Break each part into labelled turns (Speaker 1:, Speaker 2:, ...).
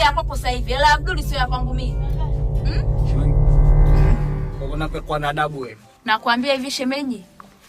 Speaker 1: ya kwako sasa hivi, hela Abduli sio ya kwangu mimi.
Speaker 2: Unapekwa hmm? kwa adabu wewe.
Speaker 3: Nakwambia hivi shemeji,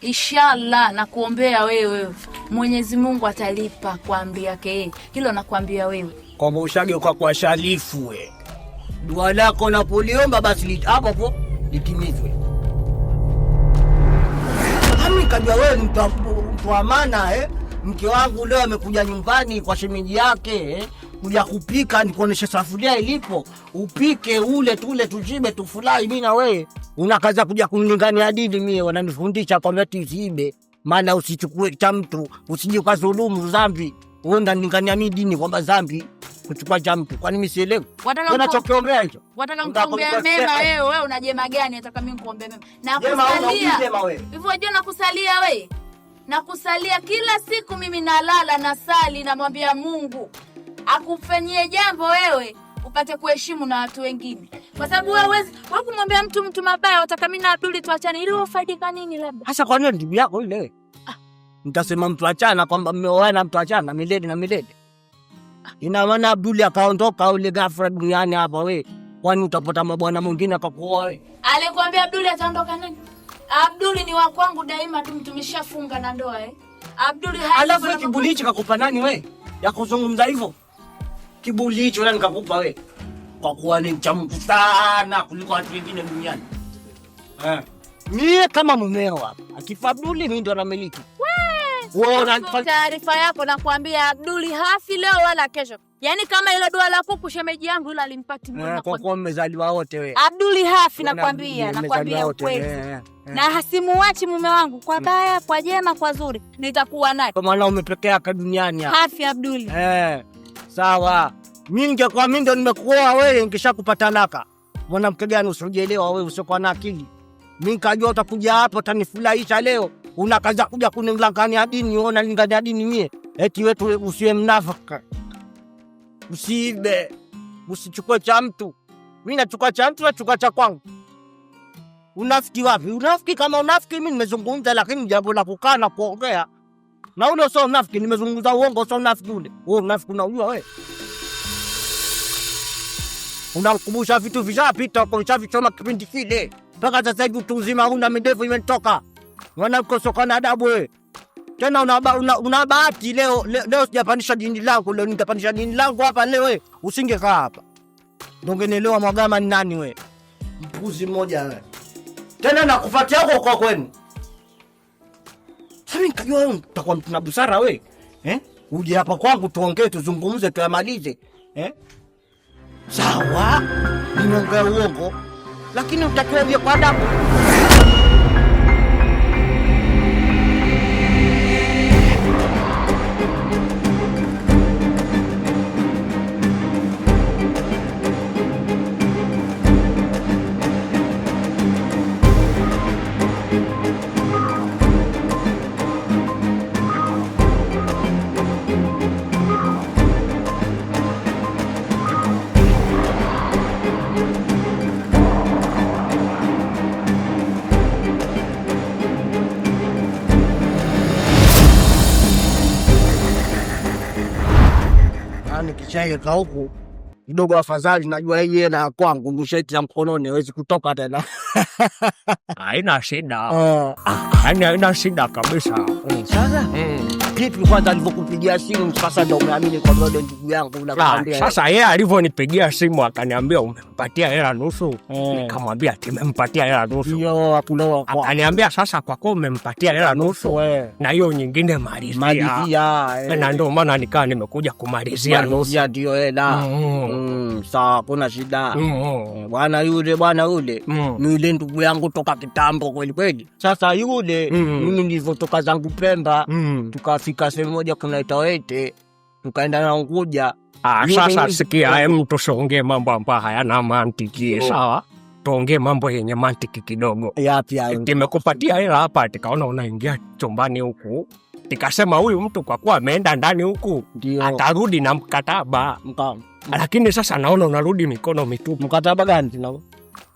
Speaker 3: inshallah nakuombea wewe, Mwenyezi Mungu atalipa kwa amri yake yeye. Hilo nakwambia wewe,
Speaker 2: kwamba ushage kwa kwa sharifu we. Dua lako na napoliomba basi hapo hapo litimizwe. Ami kajua wewe mtu wa maana eh, mke wangu leo amekuja nyumbani kwa shemeji yake eh kuja kupika, nikuoneshe safuria ilipo, upike ule tule, tushibe tufurahi. mi na wewe unakaza kuja kunilingania dini, mie wananifundisha kwamba tusiibe, maana usichukue cha mtu, usije ukazulumu zambi Wewe unanilingania mi dini kwamba zambi kuchukua cha mtu, kwani mi sielewi nachokiombea hicho.
Speaker 3: Wataka wewe, nakusalia kila siku, mimi nalala na sali, namwambia Mungu akufanyie jambo wewe upate kuheshimu na watu wengine, kwa sababu wewe huwezi wewe kumwambia mtu mtu mabaya. wataka mimi na Abduli tuachane ili ufaidika nini? Labda
Speaker 2: hasa kwa nini ndugu yako yule wewe ah. mtasema mtu achana, kwamba mmeoana, mtu achana milele na milele. Ah. Ina maana Abduli akaondoka ule ghafla duniani hapa, wewe kwani utapata mabwana mwingine akakuoa wewe?
Speaker 3: Alikwambia Abduli ataondoka nani? Abduli ni wa kwangu daima, tu, tumeshafunga na ndoa eh. Abduli
Speaker 2: halafu kibuli hichi kakupa nani wewe ya kuzungumza hivyo? kibuli hicho na nikakupa we, kwa kuwa ni mcha Mungu sana kuliko watu wengine duniani. Mie kama mumeo hapa akifa Abduli mimi ndo anamiliki.
Speaker 3: Taarifa yako nakwambia, Abduli hafi leo wala kesho. Yaani kama ile dua la kuku shemeji yangu yule alimpati eh,
Speaker 2: mbona kwa kwa mmezaliwa wote wewe.
Speaker 3: Abduli hafi nakwambia, nakwambia ukweli. Eh, eh, na hasimuachi mume wangu kwa mm. baya, kwa jema, kwa zuri nitakuwa naye.
Speaker 2: Kwa maana umepekea duniani hapa.
Speaker 3: Hafi Abduli.
Speaker 2: Eh. Sawa. Mimi ningekuwa mimi ndo nimekuoa wewe nikishakupa talaka. Mwanamke gani usijelewa wewe usiokuwa na akili. Mimi nikajua utakuja hapa utanifurahisha leo. Unakaza kuja kunilangania dini, uona lingania dini mie. Eti wetu usiwe mnafaka. Usiibe. Usichukue cha mtu. Mimi nachukua cha mtu, nachukua cha kwangu. Unafiki wapi? Unafiki kama unafiki mimi nimezungumza, lakini jambo la kukaa na kuongea na ule sio mnafiki. Nimezungumza uongo, sio mnafiki ule. Wewe mnafiki unajua wewe. Unakumbusha vitu vishapita kwa choma kipindi kile. Mpaka sasa hivi utu uzima huna, midevu imetoka. Mwanamke sio na adabu wewe. Tena una una bahati leo leo, leo sijapandisha dini langu, leo nitapandisha dini langu hapa leo wewe. Usingekaa hapa. Ndongenelewa Mwagama ni nani wewe? Mpuzi mmoja wewe. Tena nakufuatia huko kwa kwenu. Sami nikajua wewe utakuwa mtu na busara wewe. Eh? Uje hapa kwangu tuongee, tuzungumze, tuyamalize. Eh? Sawa. Nimeongea uongo. Lakini utakiwa vya kwa adabu. chai kauku kidogo afadhali, najua yeye na kwangu msheti ya mkononi hawezi kutoka tena.
Speaker 4: aina shida
Speaker 2: uh, ah,
Speaker 4: yani aina shida kabisa mm. Sasa mm.
Speaker 2: Kipi kwanza alivyokupigia simu sasa ndo umeamini kwamba ule ndugu yangu
Speaker 4: nakwambia? Sasa yeye alivyonipigia simu akaniambia umempatia hela nusu, nikamwambia mm. timempatia hela nusu. Akaniambia sasa kwa kuwa umempatia hela nusu we, na hiyo nyingine malizia,
Speaker 2: malizia
Speaker 4: eh. Na ndio maana nikaa nimekuja kumalizia
Speaker 2: nusu, ndio hela
Speaker 4: mm. mm.
Speaker 2: Sawa, kuna shida
Speaker 4: mm.
Speaker 2: Bwana yule bwana yule mm yule ndugu yangu toka kitambo kweli kweli. Sasa yule mm. mimi mm. nilivyotoka zangu Pemba mm. tukafika sehemu moja kunaita Wete, tukaenda na Unguja.
Speaker 4: Ah, sasa sikia, em, tusiongee mambo ambayo hayana mantiki oh. Sawa, tuongee mambo yenye mantiki kidogo.
Speaker 2: Yapi hayo?
Speaker 4: Nimekupatia hela hapa, tikaona unaingia chumbani huku tikasema huyu mtu kwa kuwa ameenda ndani huku atarudi na mkataba Mka. lakini sasa naona unarudi mikono mitupu.
Speaker 2: Mkataba gani?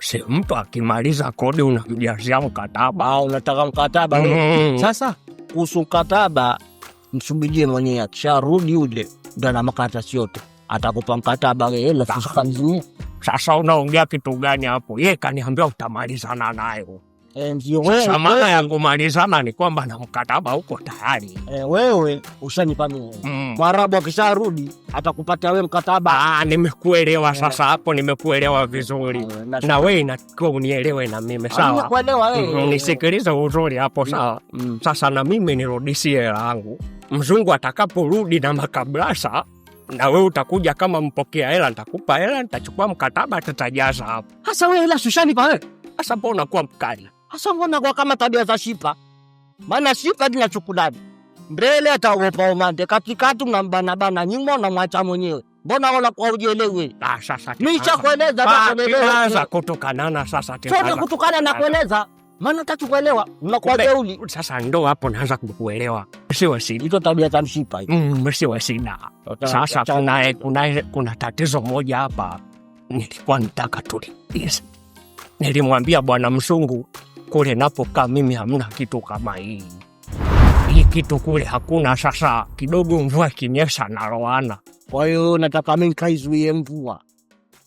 Speaker 4: si mtu akimaliza kodi unamjazia mkataba
Speaker 2: au unataka mkataba mm.
Speaker 4: Sasa kuhusu mkataba, msubirie mwenyewe akisharudi ule ndo ana makaratasi yote, atakupa mkataba sasa. Unaongea kitu gani hapo? Ye kaniambia utamalizana nayo. Maana ya kumalizana ni kwamba na mkataba huko tayari,
Speaker 2: eh, wewe mimi. Mm. Mwarabu akisharudi atakupatia wewe mkataba.
Speaker 4: Ah, Nimekuelewa eh. sasa, hapo nimekuelewa vizuri, eh, na wewe inatakiwa unielewe na mimi sawa,
Speaker 2: wewe. Mm,
Speaker 4: mm, nisikilize uzuri hapo sawa. Sasa na mimi nirudishie hela yangu, mzungu atakaporudi na makabrasa na wewe utakuja kama mpokea hela, ntakupa hela, ntachukua mkataba, tutajaza hapo.
Speaker 2: Hasa wewe hela shushani wewe.
Speaker 4: hasa mbona unakuwa mkali
Speaker 2: Asa mbona kwa kama tabia za shipa, maana shipa lina chukulani mbele ataogopa umande, katikati bana nyuma na mwacha mwenyewe. Mbona wala kwa ujielewe
Speaker 4: ah, nishakueleza kutokana na sasa
Speaker 2: tena kutokana na kueleza maana tachukuelewa unakuwa jeuli
Speaker 4: sasa, ndo hapo naanza kukuelewa. Siwe shida
Speaker 2: hizo tabia za mshipa
Speaker 4: mm, siwe shida sasa. Kuna, kuna, kuna tatizo moja hapa nilikuwa nitaka tuli yes. Nilimwambia bwana msungu kule napokaa mimi hamna kitu kama hii hii kitu kule hakuna. Sasa kidogo mvua kinyesha naloana,
Speaker 2: kwa hiyo nataka mi nkaizuie mvua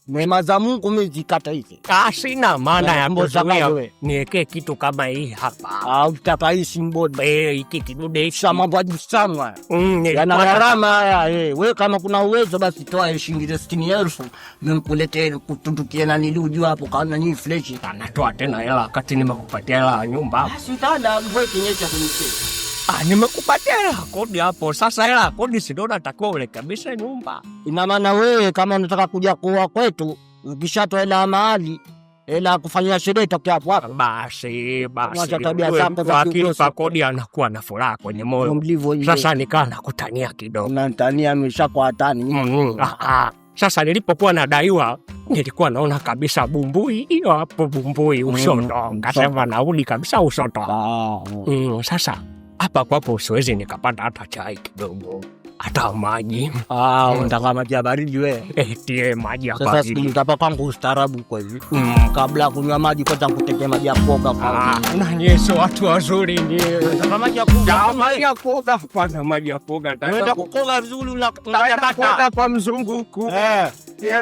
Speaker 2: Neema za Mungu mimi zikata hizi.
Speaker 4: Ah, sina maana ya kuzoea. Niweke kitu kama hii hapa.
Speaker 2: Ah, utaka hii simbodi.
Speaker 4: Eh, hiki kidude
Speaker 2: cha mambo ya jisamwa. Mm, yana gharama haya. Eh, wewe kama kuna uwezo basi toa shilingi sitini elfu nimkuletee kutundukia na nilijua hapo kana ni fleshi.
Speaker 4: Anatoa tena hela wakati nimekupatia hela ya nyumba.
Speaker 2: Basi utala mvue kinyesha kunise.
Speaker 4: Ah, nimekupatia hela kodi hapo. Sasa hela kodi si ndo natakiwa urekebishe nyumba.
Speaker 2: Ina maana wewe kama unataka kuja kuwa kwetu, ukishatoa hela mahali, hela kufanyia sherehe itakuwa hapo hapo.
Speaker 4: Basi basi. Akifa kodi anakuwa na furaha kwenye moyo. Sasa nikaa nakutania kidogo.
Speaker 2: Unanitania nimeshakuwa hatani.
Speaker 4: Mm, mm, ah, ah. Sasa nilipokuwa nadaiwa nilikuwa naona kabisa bumbui hiyo hapo, bumbui mm, ushoto, kasema nauli kabisa ushoto.
Speaker 2: Ah, oh.
Speaker 4: Mm, sasa hapa kwapo siwezi nikapata hata chai
Speaker 2: kidogo
Speaker 4: hata maji
Speaker 2: unataka hmm. maji ya baridi we
Speaker 4: eh, tie maji
Speaker 2: sasa sikilitapa kwangu ustaarabu kwa hivi hmm. kabla ya kunywa maji kwanza nkuteke maji ya kuoga
Speaker 4: ah, nanyeso watu wazuri maji
Speaker 2: ya kuoga kwanza maji ya kuoga kuoga vizuri kwa mzunguku eh.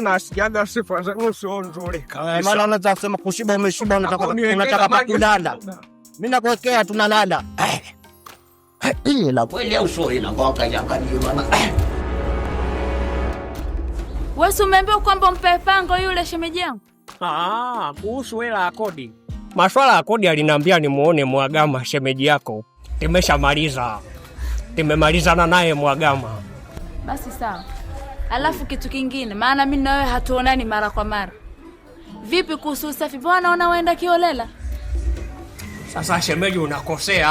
Speaker 2: nasikiaga sifa zangu sio nzuri eh, maana unaweza kusema kushiba umeshiba unataka kulala mi nakuwekea tunalala ili la kweli au
Speaker 3: yule shemeji yangu
Speaker 4: kuhusu hela ya kodi. Maswala ya kodi aliniambia nimuone Mwagama, shemeji yako. Timeshamaliza, timemalizana naye Mwagama.
Speaker 3: Basi sawa. Alafu kitu kingine, maana mimi na wewe hatuonani mara kwa mara. Vipi kuhusu usafi? Mbona naona waenda kiolela?
Speaker 4: Sasa shemeji, unakosea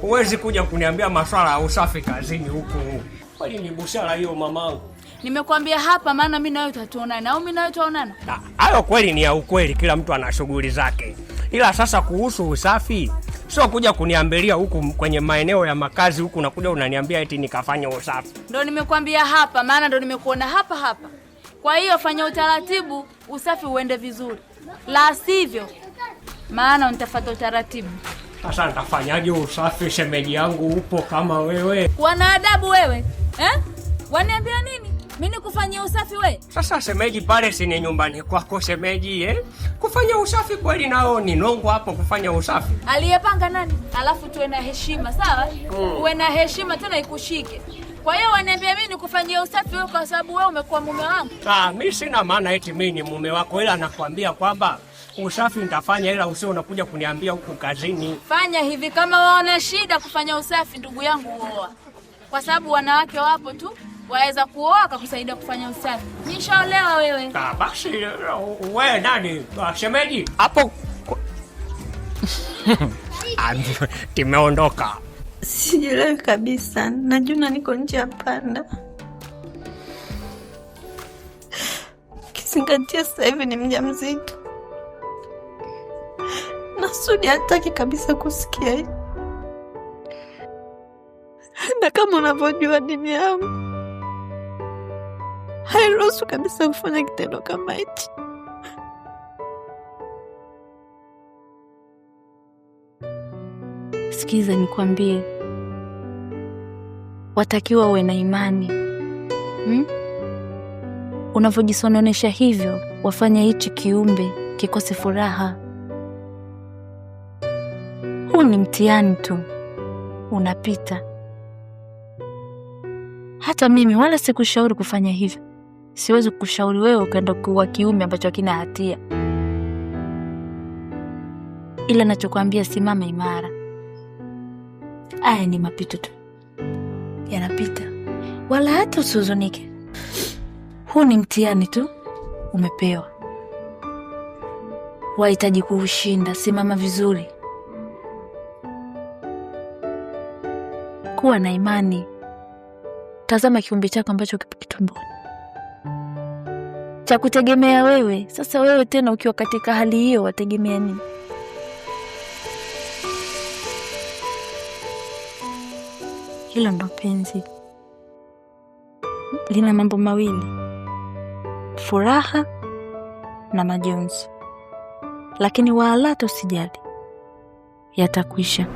Speaker 4: huwezi kuja kuniambia maswala ya usafi kazini huku.
Speaker 2: Kwani ni busara hiyo mamangu?
Speaker 3: Nimekuambia hapa, maana mi nawe tatuonana au mi nawe tutaonana?
Speaker 4: Hayo kweli ni ya ukweli, kila mtu ana shughuli zake, ila sasa kuhusu usafi sio kuja kuniambilia huku kwenye maeneo ya makazi huku, nakuja unaniambia eti nikafanya usafi.
Speaker 3: Ndo nimekuambia hapa, maana ndo nimekuona hapa hapa. Kwa hiyo fanya utaratibu, usafi uende vizuri, la sivyo maana nitafata utaratibu.
Speaker 4: Sasa nitafanyaje usafi? Shemeji yangu upo kama wewe
Speaker 3: na adabu wewe eh? Waniambia nini mimi nikufanyia usafi we?
Speaker 4: Sasa shemeji, pale sini nyumbani kwako shemeji eh? Kufanya usafi kweli nao ni nongo hapo kufanya usafi.
Speaker 3: Aliyepanga nani? Alafu tuwe na heshima sawa, mm. Uwe na heshima tena ikushike kwa hiyo waniambia mimi nikufanyia usafi wewe kwa sababu wewe umekuwa mume wangu?
Speaker 4: Ah, mimi sina maana eti mimi ni mume wako, ila nakwambia kwamba Usafi nitafanya ila usio unakuja kuniambia huku kazini.
Speaker 3: Fanya hivi kama waona shida kufanya usafi, ndugu yangu, uoa, kwa sababu wanawake wapo tu waweza kuoa kakusaidia kufanya usafi. Nishaolewa wewe.
Speaker 4: Ah, basi wewe nani? Ah, shemeji hapo timeondoka. Ah,
Speaker 5: Sijielewi kabisa, najuna niko nje ya panda kizingatia sasa hivi ni mjamzito. Sudi hataki kabisa kusikia hii, na kama unavyojua dini yangu hairuhusu kabisa kufanya kitendo kama hichi.
Speaker 6: Sikiza nikwambie, watakiwa uwe na imani hmm? Unavyojisononesha hivyo wafanya hichi kiumbe kikose furaha huu ni mtihani tu, unapita. Hata mimi wala sikushauri kufanya hivyo. Siwezi kukushauri wewe ukaenda kuwa kiume ambacho hakina hatia, ila nachokwambia, simama imara. Aya ni mapito tu, yanapita, wala hata usihuzunike. Huu ni mtihani tu umepewa, wahitaji kuushinda. Simama vizuri. kuwa na imani. Tazama kiumbe chako ambacho kipo kitumboni cha kutegemea wewe. Sasa wewe tena ukiwa katika hali hiyo, wategemea nini? Hilo ndo penzi, lina mambo mawili, furaha na majonzi, lakini wala tusijali, yatakwisha.